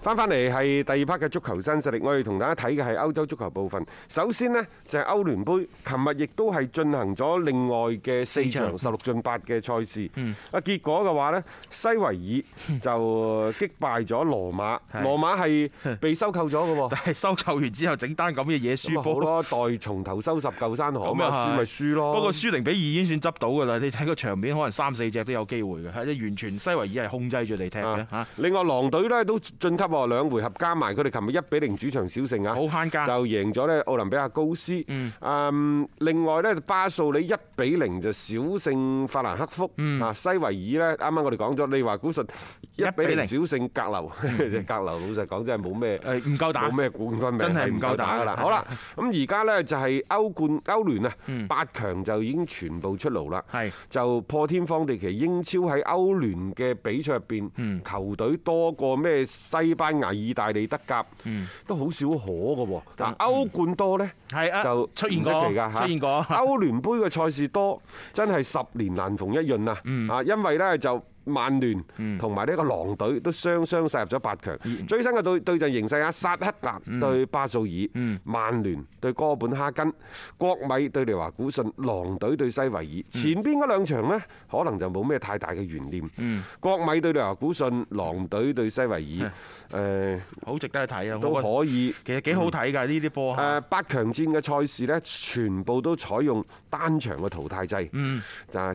翻翻嚟係第二 part 嘅足球新勢力，我哋同大家睇嘅係歐洲足球部分。首先呢，就係歐聯杯，琴日亦都係進行咗另外嘅四場十六進八嘅賽事。啊，結果嘅話呢，西維爾就擊敗咗羅馬。羅馬係被收購咗嘅喎。但係收購完之後，整單咁嘅嘢輸波。咁咪好咯，待從頭收拾舊山河。咁啊，輸咪輸咯。不過輸零比二已經算執到㗎啦。你睇個場面可能三四隻都有機會嘅，係完全西維爾係控制住嚟踢。另外狼隊呢都進級。哦，兩回合加埋，佢哋琴日一比零主場小勝啊，好慳家就贏咗咧奧林比亞高斯。嗯，誒另外咧巴素利一比零就小勝法蘭克福。嗯，啊西維爾咧，啱啱我哋講咗，你話古術一比零小勝格流，格流老實講真係冇咩誒，唔夠打，冇咩古，真係唔夠打㗎喇。好啦，咁而家咧就係歐冠歐聯啊，八強就已經全部出爐啦。係就破天荒地，其實英超喺歐聯嘅比賽入邊，球隊多過咩西班牙、意大利、德甲都好少可嘅喎，歐冠多呢對就出現過，歐聯杯嘅賽事多，真係十年難逢一潤啊！啊，因為呢就。曼聯同埋呢個狼隊都雙雙殺入咗八強。最新嘅對對陣形勢啊，薩克達對巴素爾、嗯，曼聯對哥本哈根國，國米對利華古信，狼隊對西維爾。前邊嗰兩場呢，可能就冇咩太大嘅懸念。國米對利華古信，狼隊對西維爾，誒，好值得去睇啊！都可以，其實幾好睇㗎呢啲波。誒、嗯，嗯、八強戰嘅賽事呢，全部都採用單場嘅淘汰制，就係、嗯、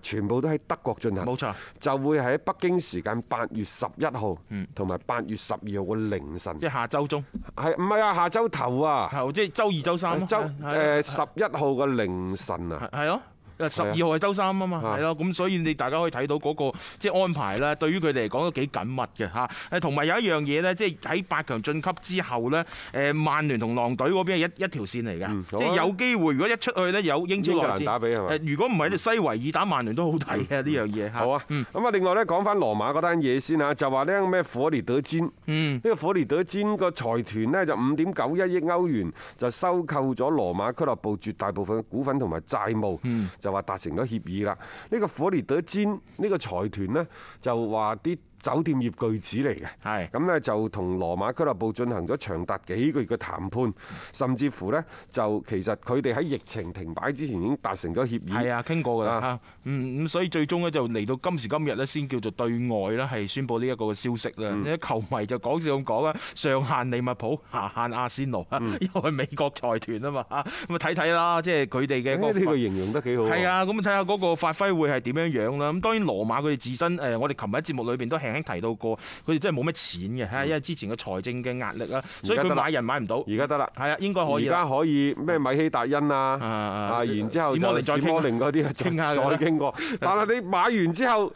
全部都喺德國進行，沒錯 就會喺。北京時間八月十一號，同埋八月十二號嘅凌晨即、啊，即係下周中，係唔係啊？下周頭啊，即係周二周三，誒十一號嘅凌晨啊，係咯。十二號係周三啊嘛，係咯，咁所以你大家可以睇到嗰個即係安排啦。對於佢哋嚟講都幾緊密嘅嚇。誒同埋有一樣嘢呢，即係喺八強晉級之後呢，誒曼聯同狼隊嗰邊係一一條線嚟㗎，好的 即係有機會如果一出去呢，有英超弱戰。好難打比係嘛？如果唔係你西維爾打曼聯都好睇嘅呢樣嘢好啊的，咁啊、嗯、另外呢，講翻羅馬嗰單嘢先嚇，就話咧咩火烈朵尊，呢、嗯、個火烈朵尊個財團呢，就五點九一億歐元就收購咗羅馬俱樂部絕大部分嘅股份同埋債務。嗯就話達成咗協議啦，呢個火烈德尖呢個財團呢，就話啲。酒店業巨子嚟嘅，咁呢是的 就同羅馬俱樂部進行咗長達幾個月嘅談判，甚至乎呢，就其實佢哋喺疫情停擺之前已經達成咗協議，係啊傾過㗎啦、嗯，所以最終呢，就嚟到今時今日呢，先叫做對外啦，係宣布呢一個消息啦。嗯、球迷就講笑咁講啊，上限利物浦，下限阿仙奴，因為、嗯、美國財團啊嘛，咁啊睇睇啦，即係佢哋嘅呢啲形容得幾好，係啊，咁啊睇下嗰個發揮會係點樣樣啦。咁當然羅馬佢哋自身誒，我哋琴日喺節目裏邊都係。已經提到過，佢哋真係冇乜錢嘅，因為之前嘅財政嘅壓力啊，所以佢買人買唔到。而家得啦，係啊，應該可以。而家可以咩米希達恩啊，然之後就史摩寧嗰啲，傾下。再傾過，但係你買完之後，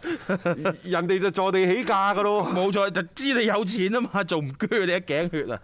人哋就坐地起價㗎咯。冇錯，就知你有錢啊嘛，仲唔屈你一頸血啊？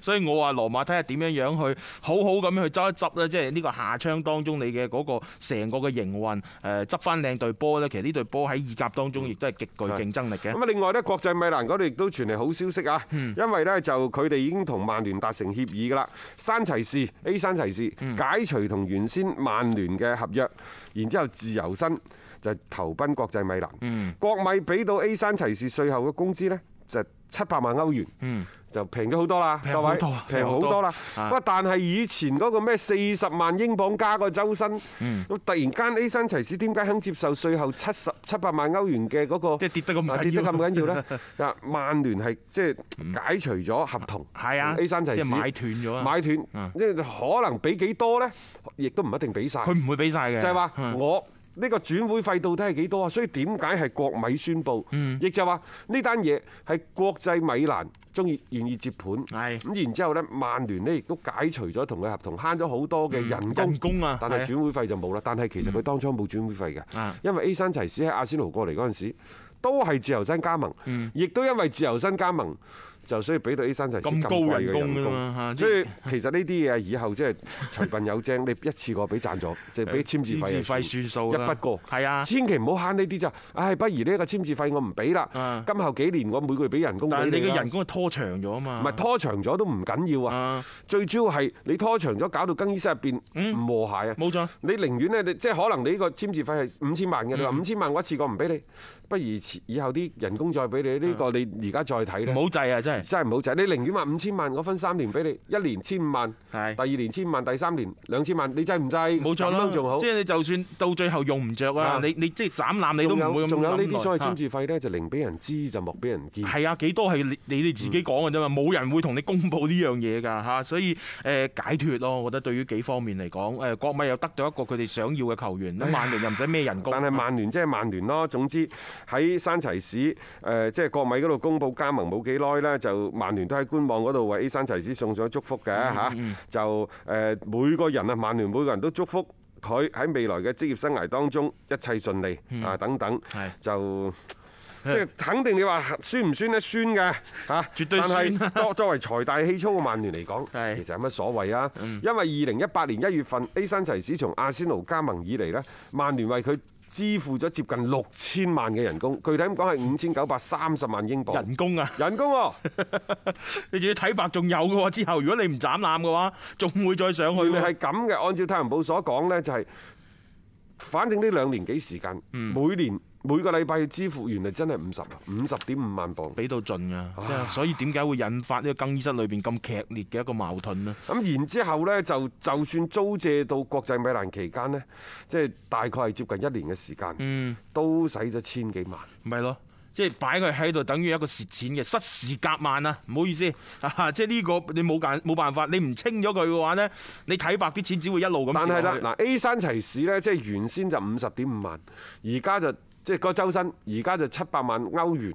所以我話羅馬，睇下點樣樣去好好咁樣去執一執啦，即係呢個下窗當中你嘅嗰個成個嘅營運，誒執翻靚隊波呢。其實呢隊波喺意甲當中亦都係極具競爭力嘅。另外咧，國際米蘭嗰度亦都傳嚟好消息啊！嗯、因為咧，就佢哋已經同曼聯達成協議噶啦，山齊士 A 山齊士、嗯、解除同原先曼聯嘅合約，然之後自由身就投奔國際米蘭。嗯、國米俾到 A 山齊士稅後嘅工資呢，就七百萬歐元。嗯就平咗好多啦，各位，平好多，平好多啦。不過，但係以前嗰個咩四十萬英鎊加個周薪，咁突然間 A 山齊士點解肯接受稅後七十七百萬歐元嘅嗰個？即係跌得咁，跌得咁緊要咧？啊，曼聯係即係解除咗合同。係啊，A 山齊士即係買斷咗。買斷，即係可能俾幾多咧？亦都唔一定俾晒。佢唔會俾晒嘅。就係話我。呢個轉會費到底係幾多啊？所以點解係國米宣佈，亦、嗯、就話呢單嘢係國際米蘭中意願意接盤。咁是的 然之後呢，曼聯呢亦都解除咗同佢合同，慳咗好多嘅人工，嗯人工啊、但係轉會費就冇啦。是的 但係其實佢當初冇轉會費嘅，嗯、因為 A 山齊士喺阿仙奴過嚟嗰陣時都係自由身加盟，亦都、嗯、因為自由身加盟。就所以俾到啲薪就咁高人工，所以其實呢啲嘢以後即係除笨有精，你一次過俾贊助，即係俾簽字費算數一筆過。係啊，千祈唔好慳呢啲就，唉，不如呢個簽字費我唔俾啦。今後幾年我每個月俾人工。但你嘅人工拖長咗啊嘛。唔係拖長咗都唔緊要啊，最主要係你拖長咗搞到更衣室入邊唔和諧啊。冇錯。你寧願呢，即係可能你呢個簽字費係五千萬嘅，你話五千萬我一次過唔俾你，不如以後啲人工再俾你，呢個你而家再睇啦。冇制啊，真係。真係唔好仔，你寧願話五千萬，我分三年俾你，一年千五萬，第二年千萬，第三年兩千萬，你制唔制？冇錯啦，好即係你就算到最後用唔着啦，你即有你即係斬纜你都唔會咁，仲有呢啲所謂簽字費呢是的，就寧俾人知就莫俾人見。係啊，幾多係你哋自己講嘅啫嘛，冇是的 人會同你公佈呢樣嘢㗎嚇，所以誒解脫咯，我覺得對於幾方面嚟講，誒國米又得到一個佢哋想要嘅球員，咁曼聯又唔使咩人工。但係曼聯即係曼聯咯，總之喺山齊士，誒即係國米嗰度公佈加盟冇幾耐啦。就曼聯都喺官網嗰度為 A 山齊士送上祝福嘅嚇。就誒每個人啊，曼聯每個人都祝福佢喺未來嘅職業生涯當中一切順利啊等等，就即係肯定你話酸唔酸咧？酸嘅嚇，絕對酸。但係作作為財大氣粗嘅曼聯嚟講，其實有乜所謂啊？因為二零一八年一月份 A 山齊士從阿仙奴加盟以嚟咧，曼聯為佢。支付咗接近六千萬嘅人工，具體咁講，係五千九百三十萬英鎊人工啊！人工喎、啊， 你自己睇白，仲有嘅喎。之後如果你唔斬纜嘅話，仲會再上去。原來係咁嘅。按照太陽報所講咧、就是，就係反正呢兩年幾時間、嗯、每年。每個禮拜要支付，原來真係五十，五十點五萬磅，俾到盡啊。所以點解會引發呢個更衣室裏邊咁劇烈嘅一個矛盾呢？咁然之後呢，就就算租借到國際米蘭期間呢，即係大概係接近一年嘅時間，都使咗千幾萬。咪咯、嗯，即係擺佢喺度，等於一個蝕錢嘅，失時夾萬啊！唔好意思，即係呢個你冇冇辦法，你唔清咗佢嘅話呢，你睇白啲錢只會一路咁。但係啦，嗱，A 山齊士呢，即係原先就五十點五萬，而家就。即係嗰周薪，而家就七百萬歐元，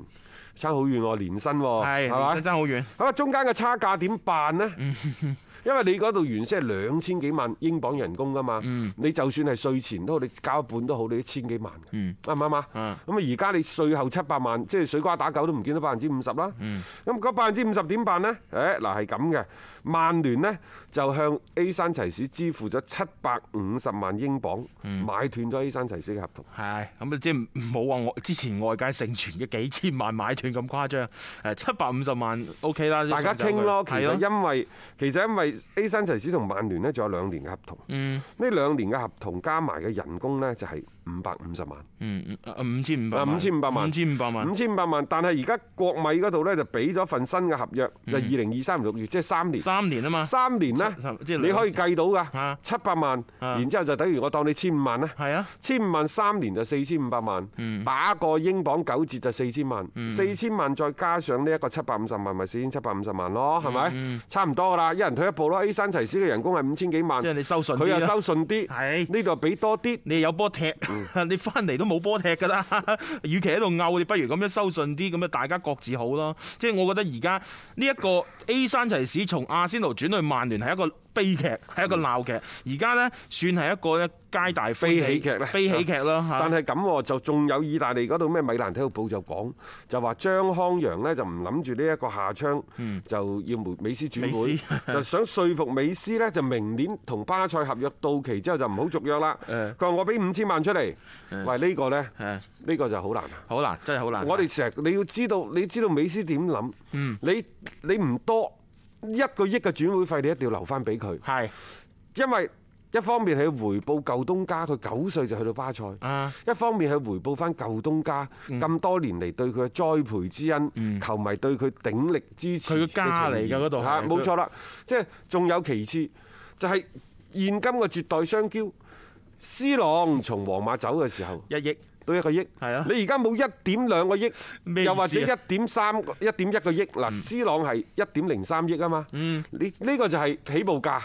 差好遠喎，年薪喎，係嘛？差好遠。咁啊，中間嘅差價點辦呢？ 因為你嗰度原先係兩千幾萬英鎊人工㗎嘛，嗯、你就算係稅前都好，你交一半都好，你一千幾萬，啱唔啱啊？咁啊而家你稅後七百萬，即係水瓜打狗都唔見到百分之五十啦。咁嗰百分之五十點辦呢？誒嗱係咁嘅，曼聯呢就向 A 山齊士支付咗七百五十萬英鎊，嗯、買斷咗 A 山齊士嘅合同。係咁啊，即係冇話我之前外界盛傳嘅幾千萬買斷咁誇張，誒七百五十萬 OK 啦。大家傾咯，其實因為其實因為。A 山齊士同曼聯咧，仲有兩年嘅合同。呢、嗯、兩年嘅合同加埋嘅人工呢就係、是。五百五十萬，五千五百，五千五百萬，五千五百萬，五千五百萬。但係而家國米嗰度呢，就俾咗份新嘅合約，就二零二三年六月，即係三年。三年啊嘛，三年呢，你可以計到噶，七百萬，然之後就等於我當你千五萬啦，係啊，千五萬三年就四千五百萬，打個英鎊九折就四千萬，四千萬再加上呢一個七百五十萬，咪四千七百五十萬咯，係咪？差唔多噶啦，一人退一步咯。A 山齊士嘅人工係五千幾萬，佢又收順啲，呢度俾多啲，你有波踢。 你翻嚟都冇波踢噶啦，與其喺度拗，你不如咁樣收信啲，咁樣大家各自好咯。即係我覺得而家呢一個 A 山齊士，從阿仙奴轉去曼聯係一個。悲劇係一個鬧劇，而家呢算係一個咧皆大喜悲喜劇咧。悲喜劇咯。但係咁喎，就仲有意大利嗰度咩米蘭體育報就講，就話張康陽呢就唔諗住呢一個夏窗，就要梅美斯轉會，美斯？就想說服美斯呢，就明年同巴塞合約到期之後就唔好續約啦。佢話我俾五千萬出嚟，喂、呢、呢個呢，呢、呢個就好難。好難，真係好難我。我哋成日你要知道，你知道美斯點諗？你你唔多。一個億嘅轉會費你一定要留翻俾佢，係，因為一方面係回報舊東家，佢九歲就去到巴塞，一方面係回報翻舊東家咁多年嚟對佢嘅栽培之恩，球迷對佢鼎力支持，佢嘅家嚟嘅嗰度，嚇冇錯啦，即係仲有其次就係、是、現今嘅絕代雙驕，C 朗從皇馬走嘅時候一億。都一個億，是的 你而家冇一點兩個億，又或者一點三、一點一個億，嗱，C 朗係一點零三億啊嘛，你呢、嗯、個就係起步價，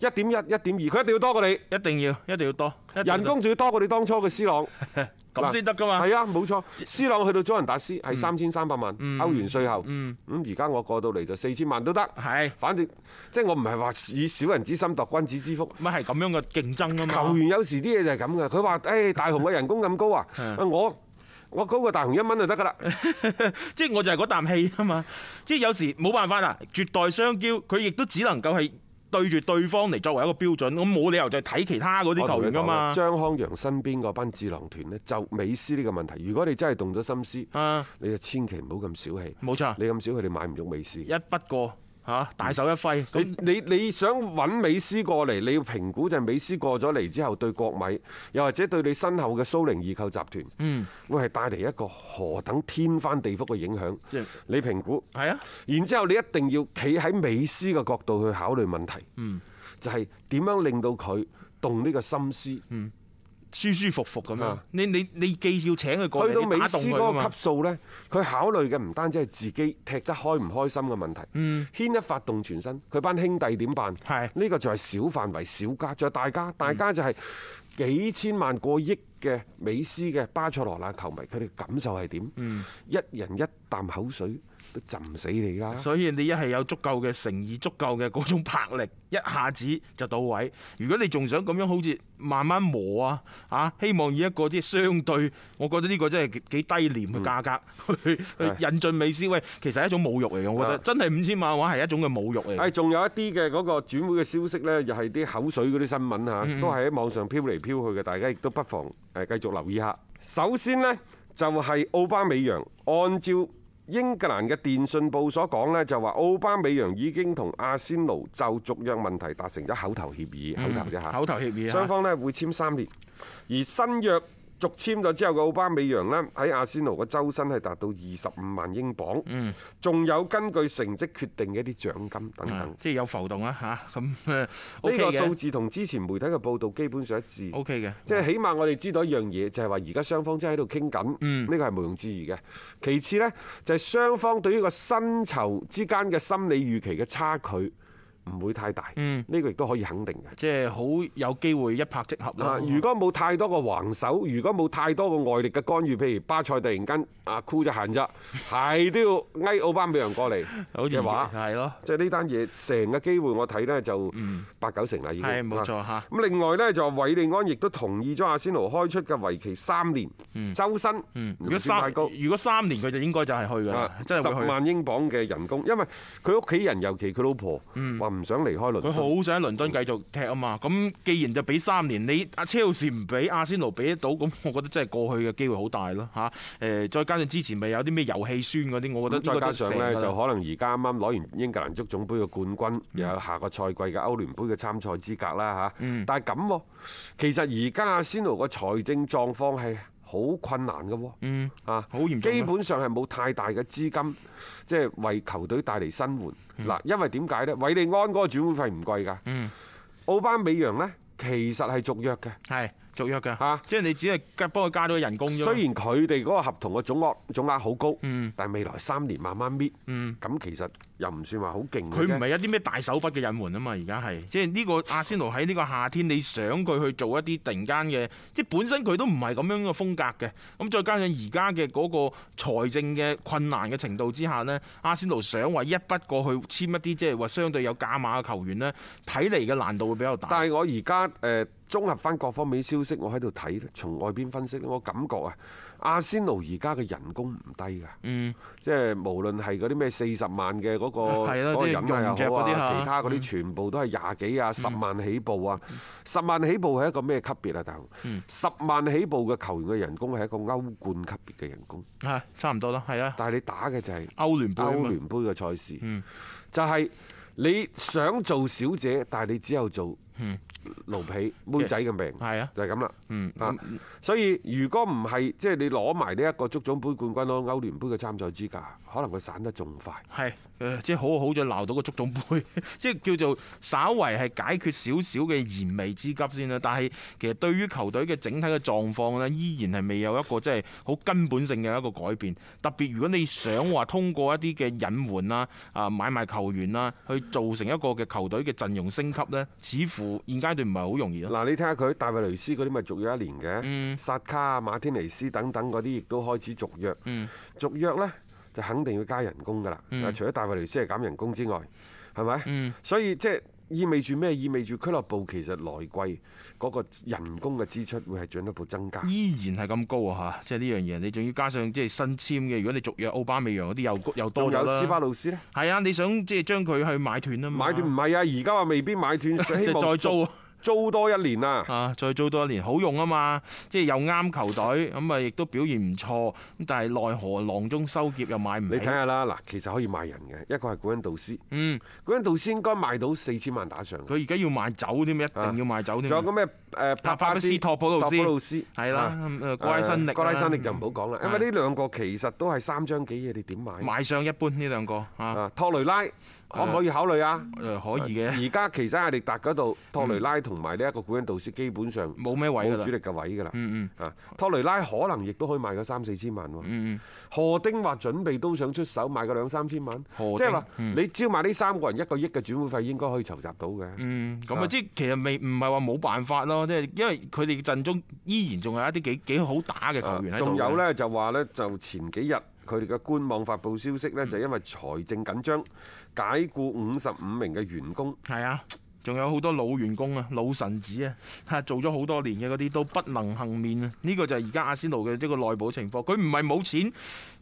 一點一、一點二，佢一定要多過你，一定要，一定要多，要多，人工仲要多過你當初嘅 C 朗。 咁先得噶嘛？係啊，冇錯。C 朗去到祖雲達斯係三千三百萬、嗯、歐元稅後嗯。嗯，咁而家我過到嚟就四千萬都得。係，是的 反正即係我唔係話以小人之心度君子之腹。咪係咁樣嘅競爭啊嘛！球員有時啲嘢就係咁嘅，佢話：，誒、哎、大雄嘅人工咁高啊， 是的 我我高過大雄一蚊就得㗎啦。即係我就係嗰啖氣啊嘛！即係有時冇辦法啦，絕代雙驕，佢亦都只能夠係。對住對方嚟作為一個標準，噉冇理由就係睇其他嗰啲球員噶嘛。張康陽身邊嗰班智囊團呢，就美斯呢個問題，如果你真係動咗心思，你就千祈唔好咁小氣。冇錯、啊，你咁小氣，你買唔到美斯。一筆過。嚇！大手一揮，你你，你想揾美斯過嚟，你要評估就係美斯過咗嚟之後對國米，又或者對你身後嘅蘇寧易購集團，嗯，會係帶嚟一個何等天翻地覆嘅影響？即係你評估係啊。然之後你一定要企喺美斯嘅角度去考慮問題，嗯，就係點樣令到佢動呢個心思，嗯。舒舒服服咁樣吧！你你你既要請佢過去到美斯嗰個級數咧，佢考慮嘅唔單止係自己踢得開唔開心嘅問題，牽、嗯、一發動全身，佢班兄弟點辦？係呢是的 個就係小範圍小家，仲有大家，大家就係幾千萬過億嘅美斯嘅巴塞羅那球迷，佢哋感受係點？嗯、一人一啖口，口水。都浸死你啦！所以你一係有足夠嘅誠意，足夠嘅嗰種魄力，一下子就到位。如果你仲想咁樣好似慢慢磨啊，啊，希望以一個即係相對我覺得呢個真係幾低廉嘅價格去去引進美斯，喂，其實係一種侮辱嚟嘅，我覺得。真係五千萬話係一種嘅侮辱嚟。誒，仲有一啲嘅嗰個轉會嘅消息咧，又係啲口水嗰啲新聞嚇，都係喺網上飄嚟飄去嘅，大家亦都不妨誒繼續留意下。首先咧，就係奧巴美揚按照。英格蘭嘅電訊報所講呢，就話奧巴美揚已經同阿仙奴就續約問題達成咗口頭協議，嗯、口頭啫嚇，口頭協議，雙方咧會簽三年，而新約。續簽咗之後嘅奧巴美揚呢，喺阿仙奴嘅周薪係達到二十五萬英鎊，仲有根據成績決定嘅一啲獎金等等，即係有浮動啊嚇咁。呢個數字同之前媒體嘅報道基本上一致。O K 嘅，即係起碼我哋知道一樣嘢，就係話而家雙方真係喺度傾緊，呢個係毋庸置疑嘅。其次呢，就係雙方對於個薪酬之間嘅心理預期嘅差距，唔會太大，呢個亦都可以肯定嘅，即係好有機會一拍即合咯。如果冇太多個橫手，如果冇太多個外力嘅干預，譬如巴塞突然間啊，酷就限啫，係都要嗌奧巴美揚過嚟好似話，係咯。即係呢單嘢成個機會，我睇呢就八九成啦，已經。冇錯嚇。咁另外呢，就韋利安亦都同意咗阿仙奴開出嘅為期三年周薪。如果三，如果三年佢就應該就係去噶啦，真係。十萬英鎊嘅人工，因為佢屋企人尤其佢老婆。唔想離開倫敦，好想喺倫敦繼續踢啊嘛！咁既然就俾三年，你阿車路士唔俾，阿仙奴俾得到，咁我覺得真係過去嘅機會好大咯吓，誒，再加上之前咪有啲咩遊戲酸嗰啲，我覺得，得再加上呢，就可能而家啱啱攞完英格蘭足總杯嘅冠軍，又有下個賽季嘅歐聯杯嘅參賽資格啦吓，但係咁喎，其實而家阿仙奴嘅財政狀況係。好困難嘅喎，嗯，啊，好嚴重，基本上係冇太大嘅資金，即係為球隊帶嚟新援嗱，因為點解呢？韋利安哥轉會費唔貴㗎，嗯，奧巴美揚呢，其實係續約嘅，係。續約㗎吓，啊、即係你只係加幫佢加咗人工啫。雖然佢哋嗰個合同嘅總額總額好高，嗯，但係未來三年慢慢搣，嗯，咁其實又唔算話好勁。佢唔係一啲咩大手筆嘅隱瞞啊嘛？而家係即係呢、呢個阿仙奴喺呢個夏天，你想佢去做一啲突然間嘅，即係本身佢都唔係咁樣嘅風格嘅。咁再加上而家嘅嗰個財政嘅困難嘅程度之下呢，阿仙奴想話一筆過去簽一啲即係話相對有價碼嘅球員呢，睇嚟嘅難度會比較大但。但係我而家誒。 綜合翻各方面消息，我喺度睇咧，從外邊分析我感覺啊，阿仙奴而家嘅人工唔低噶，即係無論係嗰啲咩四十萬嘅嗰個其他嗰啲全部都係廿幾啊十萬起步啊，十萬起步係一個咩級別啊？大雄，十萬起步嘅球員嘅人工係一個歐冠級別嘅人工，差唔多啦。係啊。但係你打嘅就係歐聯杯，歐聯杯嘅賽事，就係你想做小姐，但係你只有做。啊、嗯，奴婢妹仔嘅命係啊，就係咁啦。嗯，所以如果唔係即係你攞埋呢一個足總杯冠軍咯，歐聯杯嘅參賽資格，可能佢散得仲快。係，即係好好再鬧到個足總杯，即係叫做稍為係解決少少嘅燃眉之急先啦。但係其實對於球隊嘅整體嘅狀況呢，依然係未有一個即係好根本性嘅一個改變。特別如果你想話通過一啲嘅隱瞞啦、啊買賣球員啦，去造成一個嘅球隊嘅陣容升級呢，似乎現階段唔係好容易嗱、啊，你睇下佢大衛雷斯嗰啲咪續約一年嘅，嗯、薩卡、馬天尼斯等等嗰啲亦都開始續約。嗯、續約咧就肯定要加人工噶啦。嗯、除咗大衛雷斯係減人工之外，係咪？嗯、所以即係。意味住咩？意味住俱樂部其實來季嗰個人工嘅支出會係進一步增加，依然係咁高啊！嚇，即係呢樣嘢，你仲要加上即係新簽嘅，如果你續約奧巴美揚嗰啲又又多有斯巴老斯咧？係啊，你想即係將佢去買斷啊嘛？買斷唔係啊，而家話未必買斷，即係再租。啊。租多一年啦，啊，再租多一年好用啊嘛，即係又啱球隊，咁啊亦都表現唔錯，咁但係奈何囊中羞澀又買唔起。你睇下啦，嗱，其實可以賣人嘅，一個係古恩導斯，嗯，古恩導斯應該賣到四千萬打上，佢而家要賣走添，一定要賣走添。仲有個咩？誒帕帕斯托普洛斯，托普洛斯，係啦，誒格拉辛力，格拉辛力就唔好講啦，因為呢兩個其實都係三張幾嘢，你點買？賣相一般，呢兩個托雷拉。可唔可以考慮啊？誒，可以嘅。而家其實阿力達嗰度，托雷拉同埋呢一個古恩道斯基本上冇咩位嘅主力嘅位嘅啦。嗯嗯。啊，托雷拉可能亦都可以賣個三四千萬喎。嗯嗯。何丁話準備都想出手賣個兩三千萬何丁。即係話你只要買呢三個人，一個億嘅轉會費應該可以籌集到嘅。嗯，咁啊，即係其實未唔係話冇辦法咯，即係因為佢哋陣中依然仲有一啲幾幾好打嘅球員。仲有咧就話咧就前幾日。佢哋嘅官網發布消息呢，就因為財政緊張，解雇五十五名嘅員工。係啊，仲有好多老員工啊，老臣子啊，做咗好多年嘅嗰啲都不能幸免啊！呢、呢個就係而家阿仙奴嘅一個內部情況。佢唔係冇錢，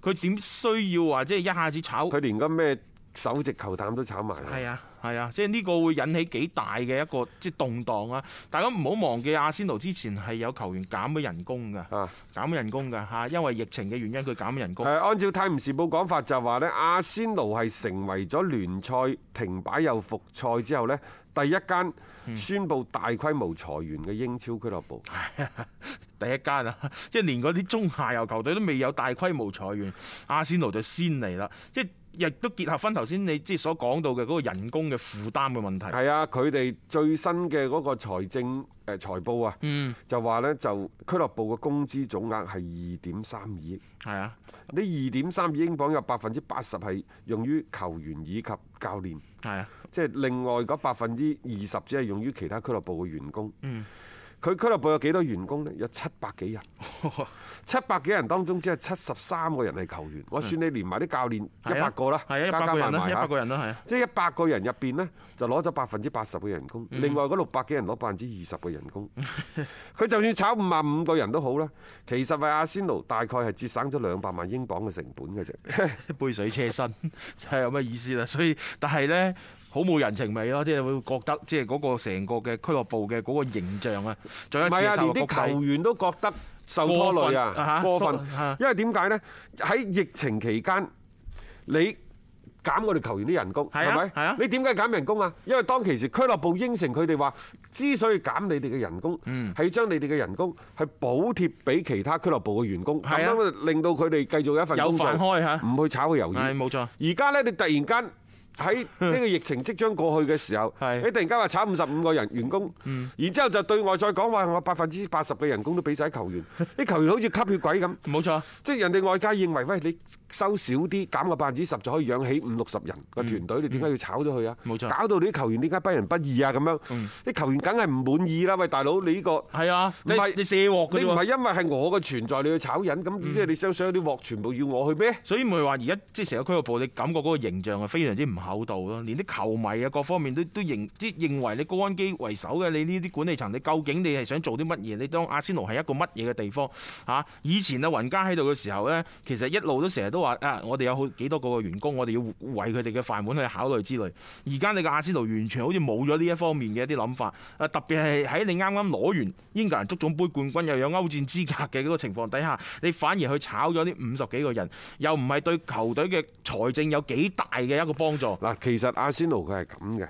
佢點需要話即係一下子炒？佢連緊咩？首席球探都炒埋，係啊，係啊，即係呢個會引起幾大嘅一個即係動盪啊！大家唔好忘記，阿仙奴之前係有球員減咗人工㗎，啊、減咗人工㗎嚇，因為疫情嘅原因佢減咗人工、啊。按照泰晤士報講法就話、是、呢，阿仙奴係成為咗聯賽停擺又復賽之後呢，第一間宣佈大規模裁員嘅英超俱樂部，嗯、 第一間啊，即係連嗰啲中下游球隊都未有大規模裁員，阿仙奴就先嚟啦，即亦都結合返頭先你即係所講到嘅嗰個人工嘅負擔嘅問題。係啊，佢哋最新嘅嗰個財政誒、呃、財報啊、嗯，就話呢，就俱樂部嘅工資總額係二點三二億。係啊，呢二點三二英鎊有百分之八十係用於球員以及教練。係啊的，即係另外嗰百分之二十只係用於其他俱樂部嘅員工。嗯。佢俱樂部有幾多員工呢？有七百幾人，七百幾人當中只係七十三個人係球員。我算你連埋啲教練一百個啦，加加埋埋一百個人啦。即係一百個人入邊呢，就攞咗百分之八十嘅人工，另外嗰六百幾人攞百分之二十嘅人工。佢、嗯、 就算炒五萬五個人都好啦，其實係阿仙奴大概係節省咗兩百萬英鎊嘅成本嘅啫，杯 水車薪係有咩意思啦？所以但係呢。好冇人情味咯，即係會覺得即係嗰個成個嘅俱樂部嘅嗰個形象啊，再一次受。唔係啊，連啲球員都覺得受拖累啊，過分，因為點解呢？喺疫情期間，你減我哋球員啲人工，係咪？你點解減人工啊？因為當其時俱樂部應承佢哋話，之所以減你哋嘅人工，係將你哋嘅人工係補貼俾其他俱樂部嘅員工，咁樣令到佢哋繼續一份有飯開唔去炒佢魷魚。冇錯。而家呢，你突然間。喺呢個疫情即將過去嘅時候，你突然間話炒五十五個人員工，然之後就對外再講話我百分之八十嘅人工都俾晒球員，啲球員好似吸血鬼咁。冇錯，即係人哋外界認為，喂，你收少啲減個百分之十就可以養起五六十人個團隊，你點解要炒咗佢啊？搞到你啲球員點解不仁不義啊咁樣？啲球員梗係唔滿意啦！喂，大佬你呢個係啊，你唔係，你卸鑊，你唔係因為係我嘅存在你去炒人，咁即係你想所有啲鑊全部要我去咩？所以唔係話而家即係成個俱樂部，你感覺嗰個形象係非常之唔好。厚道咯，連啲球迷啊各方面都都認，即係認為你高安基為首嘅，你呢啲管理層，你究竟你係想做啲乜嘢？你當阿仙奴係一個乜嘢嘅地方啊？以前啊雲加喺度嘅時候呢，其實一路都成日都話啊，我哋有好幾多個嘅員工，我哋要為佢哋嘅飯碗去考慮之類。而家你個阿仙奴完全好似冇咗呢一方面嘅一啲諗法啊！特別係喺你啱啱攞完英格蘭足總杯冠軍又有歐戰資格嘅嗰個情況底下，你反而去炒咗呢五十幾個人，又唔係對球隊嘅財政有幾大嘅一個幫助。嗱，其實阿仙奴佢係咁嘅。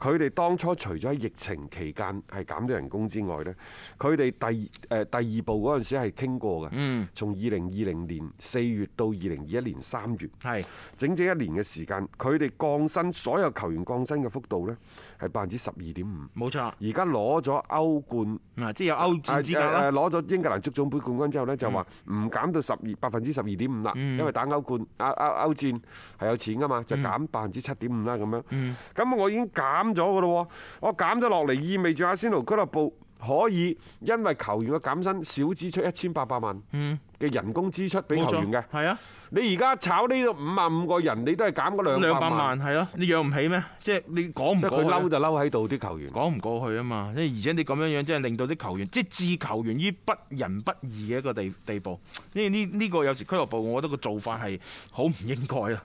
佢哋一當初除咗喺疫情期間係減咗人工之外呢，佢哋第誒第二步嗰陣時係傾過嘅，從二零二零年四月到二零二一年三月，係是 整整一年嘅時間，佢哋降薪所有球員降薪嘅幅度呢係百分之十二點五，冇沒錯。而家攞咗歐冠，即係有歐戰資格啦，攞咗英格蘭足總杯冠軍之後呢，就話唔減到十二百分之十二點五啦，嗯、因為打歐冠、啊歐歐戰係有錢㗎嘛，就減百分之七點五啦咁樣。咁、嗯、我已經減咗噶咯，我減咗落嚟，意味住阿仙奴俱樂部可以因為球員嘅減薪，少支出一千八百萬嘅人工支出俾球員嘅。係、嗯、啊，你而家炒呢個五萬五個人，你都係減嗰兩兩百萬，係咯、啊，你養唔起咩？即係你講唔？即係佢嬲就嬲喺度啲球員，講唔過去啊嘛。而且你咁樣樣，即係令到啲球員，即係置球員於不仁不義嘅一個地地步。因為呢呢個有時俱樂部，我覺得個做法係好唔應該啊。